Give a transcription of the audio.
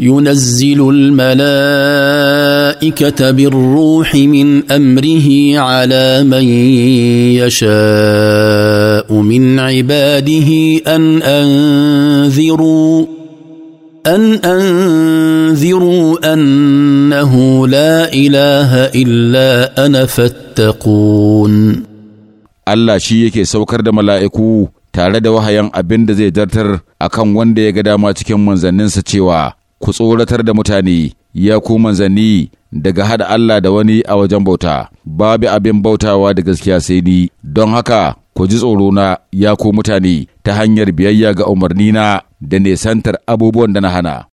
ينزل الملائكه بالروح من امره على من يشاء من عباده ان انذروا ان انذروا انه لا اله الا انا فاتقون الله shi yake saukar da mala'iku tare da wahayan abin da zai dartar akan wanda ya ga dama cikin manzanninsa cewa ku tsoratar da mutane ya ku manzanni daga hada Allah da wani a wajen bauta babu abin bautawa da gaskiya sai ni don haka ku ji tsorona ya ku mutane ta hanyar biyayya ga umarnina da nesantar abubuwan da na hana